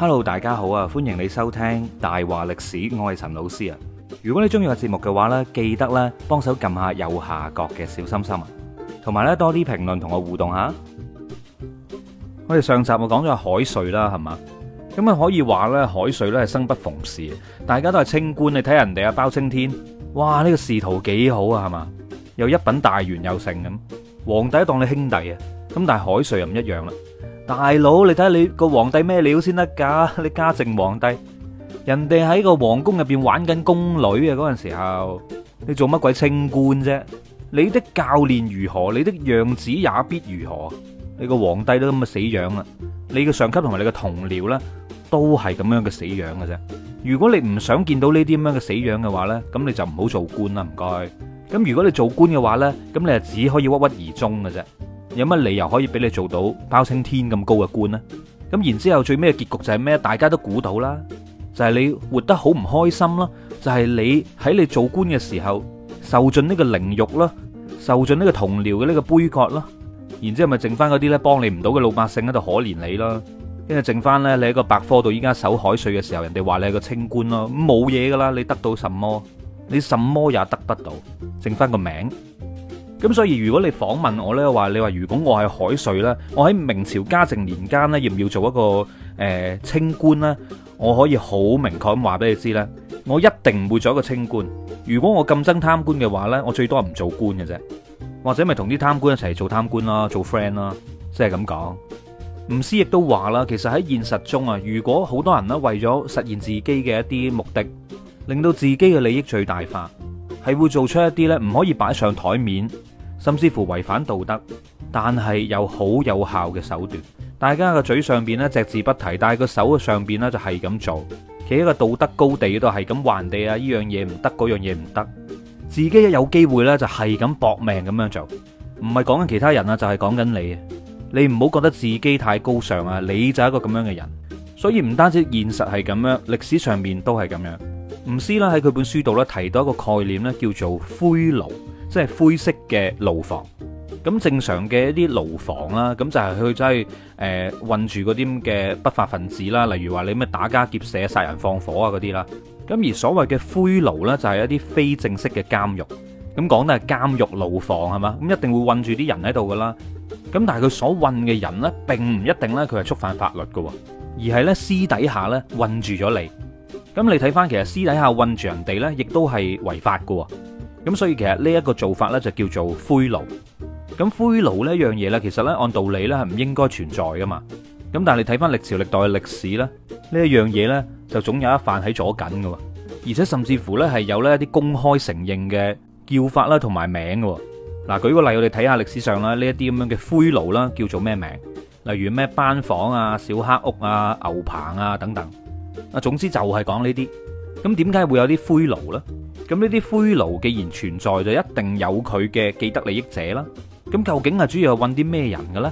hello，大家好啊，歡迎你收聽大話歷史，我係陳老師啊。如果你中意我節目嘅話呢，記得咧幫手撳下右下角嘅小心心啊，同埋呢多啲評論同我互動下。我哋上集我講咗海瑞啦，係嘛，咁啊可以話呢海瑞呢係生不逢時，大家都係清官，你睇人哋啊，包青天，哇呢個仕途幾好啊，係嘛，又一品大員又成咁，皇帝當你兄弟啊，咁但係海瑞又唔一樣啦。大佬，你睇下你個皇帝咩料先得噶？你嘉靖皇帝，人哋喺個皇宮入邊玩緊宮女啊！嗰陣時候，你做乜鬼清官啫？你的教練如何，你的樣子也必如何？你個皇帝都咁嘅死樣啦！你嘅上級同埋你嘅同僚呢，都係咁樣嘅死樣嘅啫。如果你唔想見到呢啲咁樣嘅死樣嘅話呢，咁你就唔好做官啦，唔該。咁如果你做官嘅話呢，咁你就只可以鬱郁而終嘅啫。有乜理由可以俾你做到包青天咁高嘅官呢？咁然之後最尾嘅結局就係咩？大家都估到啦，就係你活得好唔開心啦，就係你喺你做官嘅時候受盡呢個凌辱啦，受盡呢個同僚嘅呢個杯葛啦，然之後咪剩翻嗰啲咧幫你唔到嘅老百姓喺度可憐你啦，跟住剩翻咧你喺個百科度依家守海水嘅時候，人哋話你係個清官咯，咁冇嘢噶啦，你得到什麼？你什麼也得不到，剩翻個名。咁所以如果你訪問我呢，話你話如果我係海瑞呢，我喺明朝嘉靖年間呢，要唔要做一個、呃、清官呢？我可以好明確咁話俾你知呢，我一定唔會做一個清官。如果我咁憎貪官嘅話呢，我最多唔做官嘅啫，或者咪同啲貪官一齊做貪官啦，做 friend 啦，即係咁講。吳思亦都話啦，其實喺現實中啊，如果好多人呢，為咗實現自己嘅一啲目的，令到自己嘅利益最大化，係會做出一啲呢唔可以擺上台面，甚至乎違反道德，但係有好有效嘅手段。大家嘅嘴上邊呢，隻字不提，但係個手嘅上邊呢，就係咁做，企喺個道德高地度係咁橫地啊！呢樣嘢唔得，嗰樣嘢唔得，自己一有機會呢，就係咁搏命咁樣做。唔係講緊其他人啊，就係講緊你。你唔好覺得自己太高尚啊，你就係一個咁樣嘅人。所以唔單止現實係咁樣，歷史上面都係咁樣。吳思啦喺佢本書度呢，提到一個概念呢，叫做灰奴。即係灰色嘅牢房，咁正常嘅一啲牢房啦，咁就係佢真係誒困住嗰啲嘅不法分子啦，例如話你咩打家劫舍、殺人放火啊嗰啲啦。咁而所謂嘅灰牢呢，就係一啲非正式嘅監獄，咁講得係監獄牢房係嘛？咁一定會困住啲人喺度噶啦。咁但係佢所困嘅人呢，並唔一定呢，佢係觸犯法律嘅，而係呢，私底下呢，困住咗你。咁你睇翻其實私底下困住人哋呢，亦都係違法嘅。噉所以其實呢一個做法咧就叫做灰牢。噉灰牢呢樣嘢咧其實咧按道理咧係唔應該存在噶嘛，噉但係你睇翻歷朝歷代嘅歷史咧，呢一樣嘢咧就總有一犯喺左近噶，而且甚至乎咧係有咧一啲公開承認嘅叫法啦同埋名噶。嗱，舉個例，我哋睇下歷史上咧呢一啲咁樣嘅灰牢啦，叫做咩名？例如咩班房啊、小黑屋啊、牛棚啊等等。啊，總之就係講呢啲。噉點解會有啲灰牢咧？.咁呢啲灰牢既然存在，就一定有佢嘅既得利益者啦。咁究竟係主要係搵啲咩人嘅咧？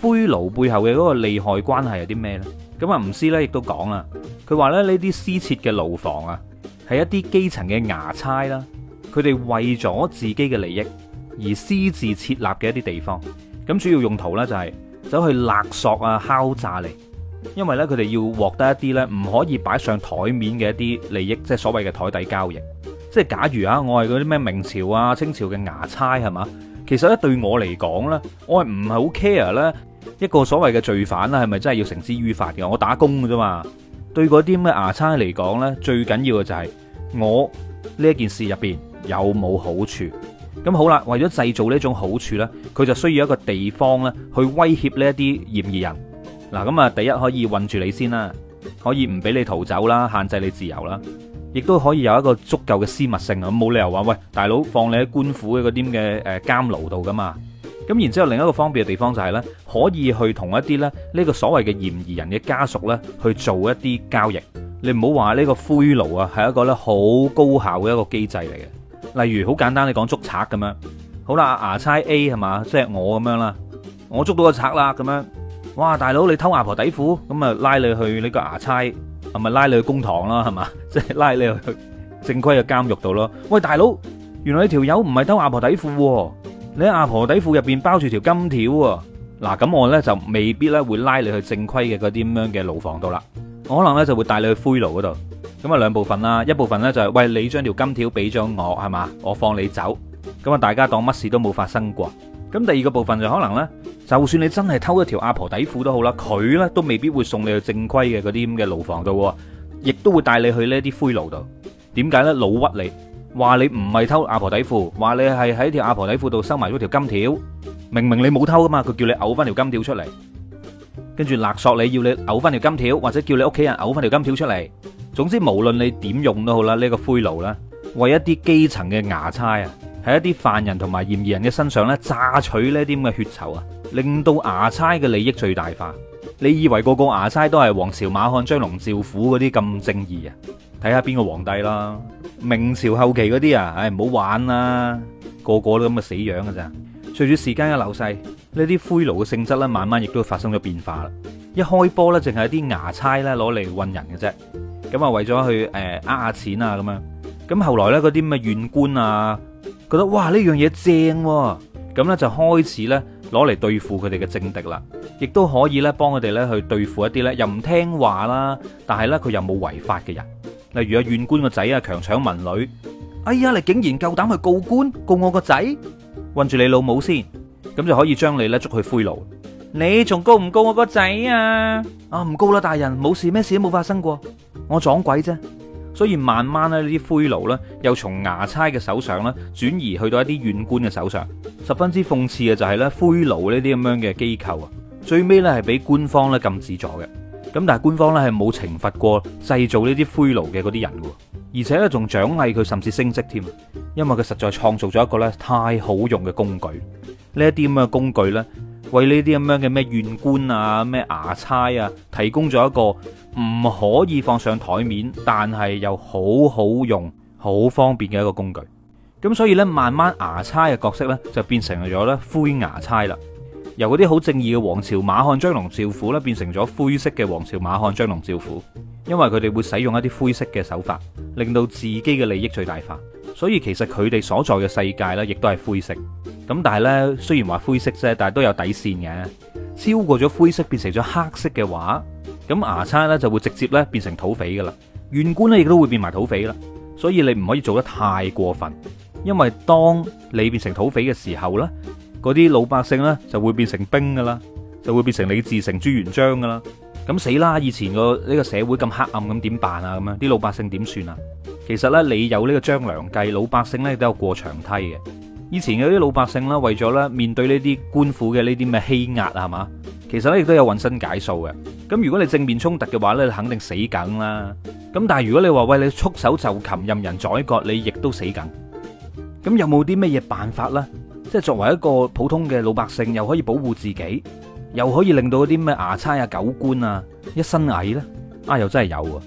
灰牢背後嘅嗰個利害關係有啲咩咧？咁啊吳思咧亦都講啦，佢話咧呢啲私設嘅牢房啊，係一啲基層嘅衙差啦，佢哋為咗自己嘅利益而私自設立嘅一啲地方，咁主要用途咧就係走去勒索啊敲詐嚟。因為咧，佢哋要獲得一啲咧唔可以擺上台面嘅一啲利益，即係所謂嘅台底交易。即係假如啊，我係嗰啲咩明朝啊、清朝嘅牙差係嘛，其實咧對我嚟講咧，我係唔係好 care 咧一個所謂嘅罪犯啦，係咪真係要繩之於法嘅？我打工嘅啫嘛。對嗰啲咩牙差嚟講咧，最緊要嘅就係我呢一件事入邊有冇好處。咁好啦，為咗製造呢一種好處咧，佢就需要一個地方咧去威脅呢一啲嫌疑人。嗱咁啊，第一可以困住你先啦，可以唔俾你逃走啦，限制你自由啦，亦都可以有一個足夠嘅私密性啊。冇理由話喂，大佬放你喺官府嗰啲嘅誒監牢度噶嘛？咁然之後另一個方便嘅地方就係呢，可以去同一啲咧呢個所謂嘅嫌疑人嘅家屬呢去做一啲交易。你唔好話呢個灰牢啊，係一個呢好高效嘅一個機制嚟嘅。例如好簡單，你講捉賊咁樣，好啦，牙差 A 係嘛，即係我咁樣啦，我捉到個賊啦，咁樣。哇！大佬，你偷阿婆底褲，咁啊拉你去呢個衙差，係咪拉你去公堂啦？係嘛，即係拉你去正規嘅監獄度咯。喂，大佬，原來你條友唔係偷阿婆底褲，你喺阿婆底褲入邊包住條金條啊！嗱，咁我咧就未必咧會拉你去正規嘅嗰啲咁樣嘅牢房度啦，我可能咧就會帶你去灰牢嗰度。咁啊兩部分啦，一部分咧就係喂，你將條金條俾咗我，係嘛，我放你走。咁啊大家當乜事都冇發生過。咁第二個部分就可能咧。就算你真係偷一條阿婆底褲都好啦，佢咧都未必會送你去正規嘅嗰啲咁嘅牢房度，亦都會帶你去呢一啲灰牢度。點解咧？老屈你話你唔係偷阿婆底褲，話你係喺條阿婆底褲度收埋咗條金條，明明你冇偷噶嘛，佢叫你嘔翻條金條出嚟，跟住勒索你要你嘔翻條金條，或者叫你屋企人嘔翻條金條出嚟。總之，無論你點用都好啦，呢個灰牢啦，為一啲基層嘅衙差啊，喺一啲犯人同埋嫌疑人嘅身上咧榨取呢啲咁嘅血酬啊。令到衙差嘅利益最大化，你以為個個衙差都係王朝馬漢張龍趙虎嗰啲咁正義啊？睇下邊個皇帝啦，明朝後期嗰啲啊，唉唔好玩啦，個個都咁嘅死樣嘅咋？隨住時間嘅流逝，呢啲灰奴嘅性質咧，慢慢亦都發生咗變化啦。一開波咧，淨係啲衙差咧攞嚟混人嘅啫，咁啊為咗去誒呃下錢啊咁樣。咁後來咧嗰啲咩縣官啊，覺得哇呢樣嘢正、啊。咁咧就開始咧攞嚟對付佢哋嘅政敵啦，亦都可以咧幫佢哋咧去對付一啲咧又唔聽話啦，但係咧佢又冇違法嘅人，例如阿縣官個仔啊，強搶民女。哎呀，你竟然夠膽去告官，告我個仔，困住你老母先，咁就可以將你咧捉去灰爐。你仲告唔告我個仔啊？啊，唔告啦，大人，冇事，咩事都冇發生過，我撞鬼啫。所以慢慢咧，呢啲灰爐咧，又從衙差嘅手上咧，轉移去到一啲縣官嘅手上，十分之諷刺嘅就係咧，灰爐呢啲咁樣嘅機構啊，最尾咧係俾官方咧禁止咗嘅。咁但係官方咧係冇懲罰過製造呢啲灰爐嘅嗰啲人喎。而且咧仲獎勵佢，甚至升職添。因為佢實在創造咗一個咧太好用嘅工具，呢一啲咁嘅工具咧。為呢啲咁樣嘅咩縣官啊、咩牙差啊，提供咗一個唔可以放上台面，但係又好好用、好方便嘅一個工具。咁所以呢，慢慢牙差嘅角色呢，就變成咗咧灰牙差啦。由嗰啲好正義嘅王朝馬漢張龍趙虎咧，變成咗灰色嘅王朝馬漢張龍趙虎，因為佢哋會使用一啲灰色嘅手法，令到自己嘅利益最大化。所以其實佢哋所在嘅世界呢，亦都係灰色。咁但係呢，雖然話灰色啫，但係都有底線嘅。超過咗灰色變成咗黑色嘅話，咁牙差呢就會直接咧變成土匪噶啦。縣官咧亦都會變埋土匪啦。所以你唔可以做得太過分，因為當你變成土匪嘅時候呢，嗰啲老百姓呢就會變成兵噶啦，就會變成李自成、朱元璋噶啦。咁死啦！以前個呢個社會咁黑暗，咁點辦啊？咁樣啲老百姓點算啊？其實呢，你有呢個張良計，老百姓呢都有，有過牆梯嘅。以前有啲老百姓啦，為咗咧面對呢啲官府嘅呢啲咩欺壓啊，係嘛？其實咧亦都有渾身解數嘅。咁如果你正面衝突嘅話咧，肯定死梗啦。咁但係如果你話喂，你束手就擒，任人宰割，你亦都死梗。咁有冇啲咩嘢辦法咧？即係作為一個普通嘅老百姓，又可以保護自己，又可以令到啲咩牙差啊、狗官啊一身蟻咧？啊，又真係有。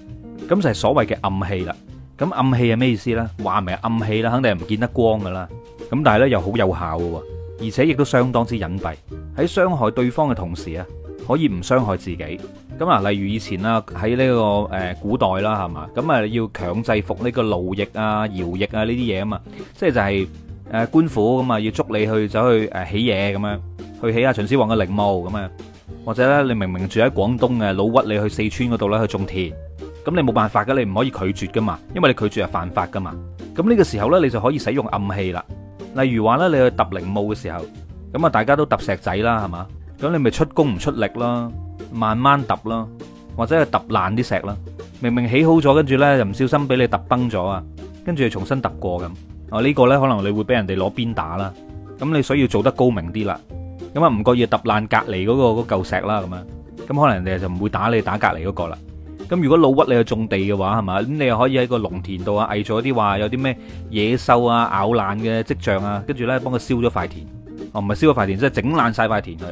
咁就係所謂嘅暗器啦。咁暗器係咩意思咧？話明暗器啦，肯定係唔見得光噶啦。咁但係咧又好有效嘅，而且亦都相當之隱蔽，喺傷害對方嘅同時啊，可以唔傷害自己。咁啊，例如以前啦，喺呢個誒古代啦，係嘛，咁啊要強制服呢個勞役啊、徭役啊呢啲嘢啊嘛，即係就係誒官府咁啊要捉你去走去誒起嘢咁樣，去起下秦始皇嘅陵墓咁啊，或者咧你明明住喺廣東嘅，老屈你去四川嗰度咧去種田，咁你冇辦法噶，你唔可以拒絕噶嘛，因為你拒絕係犯法噶嘛。咁呢個時候呢，你就可以使用暗器啦。例如話咧，你去揼陵墓嘅時候，咁啊大家都揼石仔啦，係嘛？咁你咪出工唔出力咯，慢慢揼咯，或者係揼爛啲石啦。明明起好咗，跟住咧又唔小心俾你揼崩咗啊，跟住又重新揼過咁。哦，呢個咧可能你會俾人哋攞鞭打啦。咁你所以要做得高明啲啦。咁啊唔覺意揼爛隔離嗰個嗰嚿石啦，咁樣，咁可能人哋就唔會打你打隔離嗰個啦。咁如果老屈你去種地嘅話，係嘛？咁你又可以喺個農田度啊，偽造一啲話有啲咩野獸啊咬爛嘅跡象啊，跟住呢，幫佢燒咗塊田哦，唔係燒咗塊田，即係整爛曬塊田佢，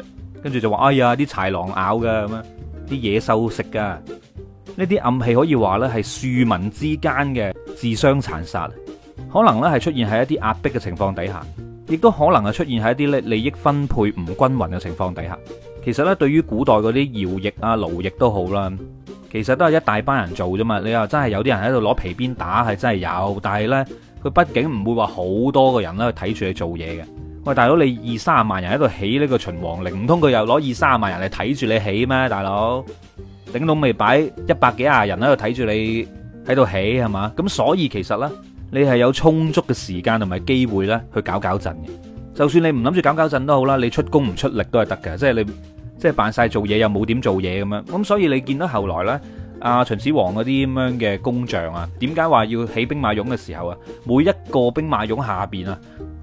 跟住就話哎呀啲豺狼咬嘅咁樣，啲野獸食噶呢啲暗器可以話呢，係庶民之間嘅自相殘殺，可能呢，係出現喺一啲壓迫嘅情況底下，亦都可能係出現喺一啲利益分配唔均勻嘅情況底下。其實呢，對於古代嗰啲徭役啊、奴役都好啦。其實都係一大班人做啫嘛，你話真係有啲人喺度攞皮鞭打係真係有，但係呢，佢畢竟唔會話好多個人咧睇住你做嘢嘅。喂，大佬你二三十萬人喺度起呢個秦王陵，唔通佢又攞二三十萬人嚟睇住你起咩？大佬，頂到未擺一百幾廿人喺度睇住你喺度起係嘛？咁所以其實呢，你係有充足嘅時間同埋機會呢去搞搞震嘅。就算你唔諗住搞搞震都好啦，你出工唔出力都係得嘅，即係你。即係扮曬做嘢又冇點做嘢咁樣，咁所以你見到後來咧，阿秦始皇嗰啲咁樣嘅工匠啊，點解話要起兵馬俑嘅時候啊，每一個兵馬俑下邊啊，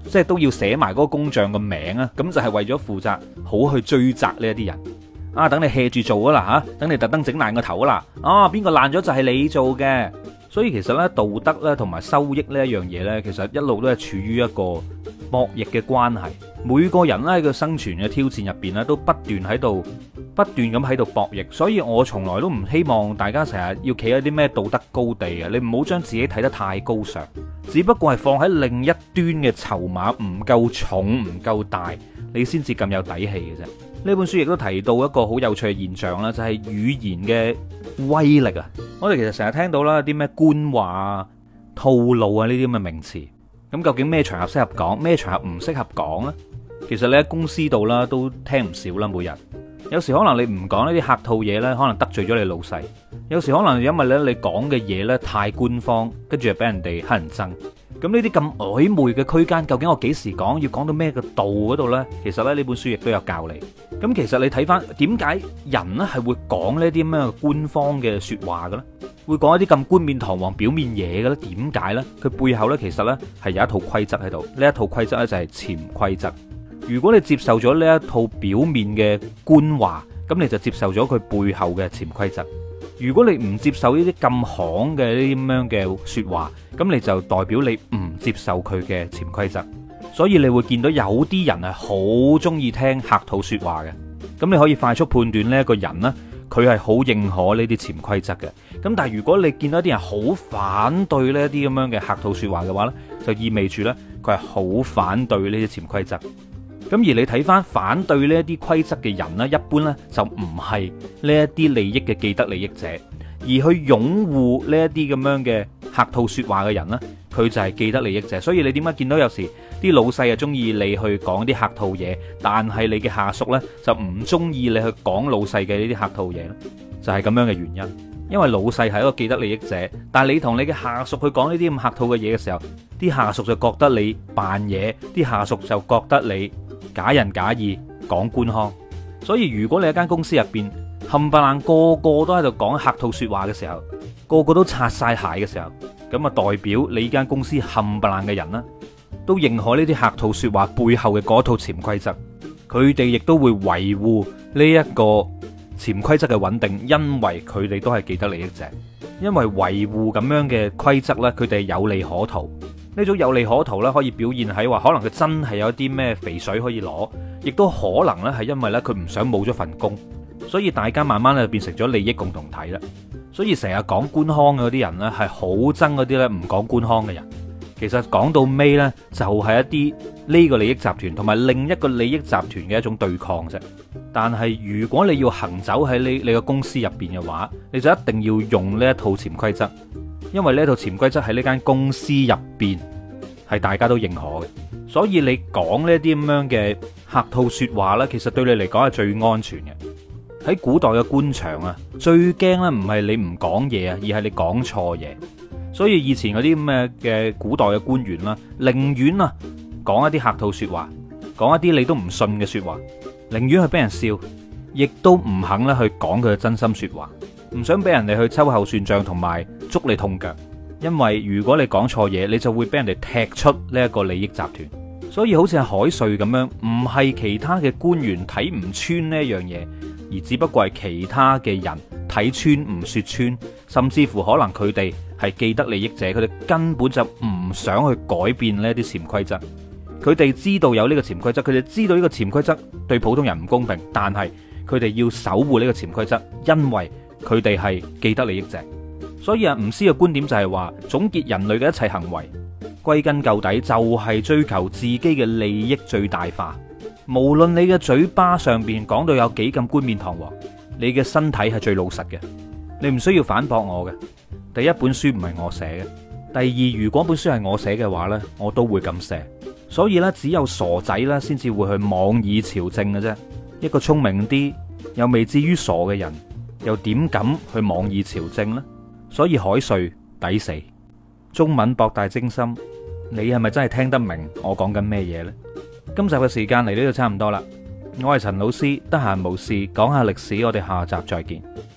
即係都要寫埋嗰個工匠嘅名啊，咁就係為咗負責好去追責呢一啲人，啊等你 hea 住做啊啦嚇，等你特登整爛個頭啊啦，啊邊個爛咗就係你做嘅，所以其實咧道德咧同埋收益呢一樣嘢咧，其實一路都係處於一個博弈嘅關係。每個人咧喺個生存嘅挑戰入邊咧，都不斷喺度，不斷咁喺度博弈。所以我從來都唔希望大家成日要企喺啲咩道德高地啊！你唔好將自己睇得太高尚，只不過係放喺另一端嘅籌碼唔夠重、唔夠大，你先至咁有底氣嘅啫。呢本書亦都提到一個好有趣嘅現象啦，就係語言嘅威力啊！我哋其實成日聽到啦，啲咩官話、套路啊呢啲咁嘅名詞，咁究竟咩場合適合講，咩場合唔適合講咧？其實你喺公司度啦，都聽唔少啦。每日有時可能你唔講呢啲客套嘢呢，可能得罪咗你老細；有時可能因為呢，你講嘅嘢呢太官方，跟住又俾人哋乞人憎。咁呢啲咁曖昧嘅區間，究竟我幾時講要講到咩嘅度嗰度呢？其實咧，呢本書亦都有教你。咁其實你睇翻點解人呢係會講呢啲咩官方嘅說話嘅咧？會講一啲咁冠冕堂皇表面嘢嘅咧？點解呢？佢背後呢，其實呢係有一套規則喺度。呢一套規則呢，就係潛規則。如果你接受咗呢一套表面嘅官話，咁你就接受咗佢背後嘅潛規則。如果你唔接受呢啲咁行嘅呢啲咁樣嘅說話，咁你就代表你唔接受佢嘅潛規則。所以你會見到有啲人係好中意聽客套說話嘅，咁你可以快速判斷呢一個人呢，佢係好認可呢啲潛規則嘅。咁但係如果你見到啲人好反對呢啲咁樣嘅客套說話嘅話，呢就意味住呢，佢係好反對呢啲潛規則。咁而你睇翻反對呢一啲規則嘅人呢，一般呢就唔係呢一啲利益嘅既得利益者，而去擁護呢一啲咁樣嘅客套說話嘅人呢，佢就係既得利益者。所以你點解見到有時啲老細又中意你去講啲客套嘢，但係你嘅下屬呢就唔中意你去講老細嘅呢啲客套嘢，就係咁樣嘅原因。因為老細係一個既得利益者，但係你同你嘅下屬去講呢啲咁客套嘅嘢嘅時候，啲下屬就覺得你扮嘢，啲下屬就覺得你。假仁假義，講官腔，所以如果你一間公司入邊冚唪唥個個都喺度講客套說話嘅時候，個個都擦晒鞋嘅時候，咁啊代表你呢間公司冚唪唥嘅人啦，都認可呢啲客套說話背後嘅嗰套潛規則，佢哋亦都會維護呢一個潛規則嘅穩定，因為佢哋都係既得利益者，因為維護咁樣嘅規則咧，佢哋有利可圖。呢種有利可圖呢可以表現喺話可能佢真係有啲咩肥水可以攞，亦都可能呢係因為呢，佢唔想冇咗份工，所以大家慢慢咧變成咗利益共同體啦。所以成日講官腔嗰啲人呢，係好憎嗰啲呢唔講官腔嘅人。其實講到尾呢，就係一啲呢個利益集團同埋另一個利益集團嘅一種對抗啫。但係如果你要行走喺呢你個公司入邊嘅話，你就一定要用呢一套潛規則。因為呢套潛規則喺呢間公司入邊係大家都認可嘅，所以你講呢啲咁樣嘅客套說話呢，其實對你嚟講係最安全嘅。喺古代嘅官場啊，最驚呢唔係你唔講嘢啊，而係你講錯嘢。所以以前嗰啲咩嘅嘅古代嘅官員啦，寧願啊講一啲客套說話，講一啲你都唔信嘅說話，寧願去俾人笑，亦都唔肯咧去講佢嘅真心說話。唔想俾人哋去秋後算賬同埋捉你痛腳，因為如果你講錯嘢，你就會俾人哋踢出呢一個利益集團。所以好似係海瑞咁樣，唔係其他嘅官員睇唔穿呢樣嘢，而只不過係其他嘅人睇穿唔說穿，甚至乎可能佢哋係既得利益者，佢哋根本就唔想去改變呢啲潛規則。佢哋知道有呢個潛規則，佢哋知道呢個潛規則對普通人唔公平，但係佢哋要守護呢個潛規則，因為。佢哋係既得利益者，所以啊，吳思嘅觀點就係話總結人類嘅一切行為，歸根究底就係追求自己嘅利益最大化。無論你嘅嘴巴上邊講到有幾咁冠冕堂皇，你嘅身體係最老實嘅。你唔需要反駁我嘅。第一本書唔係我寫嘅，第二如果本書係我寫嘅話呢，我都會咁寫。所以咧，只有傻仔咧，先至會去妄議朝政嘅啫。一個聰明啲又未至於傻嘅人。又點敢去妄議朝政呢？所以海瑞抵死。中文博大精深，你係咪真係聽得明我講緊咩嘢呢？今集嘅時間嚟到就差唔多啦。我係陳老師，得閒無事講下歷史，我哋下集再見。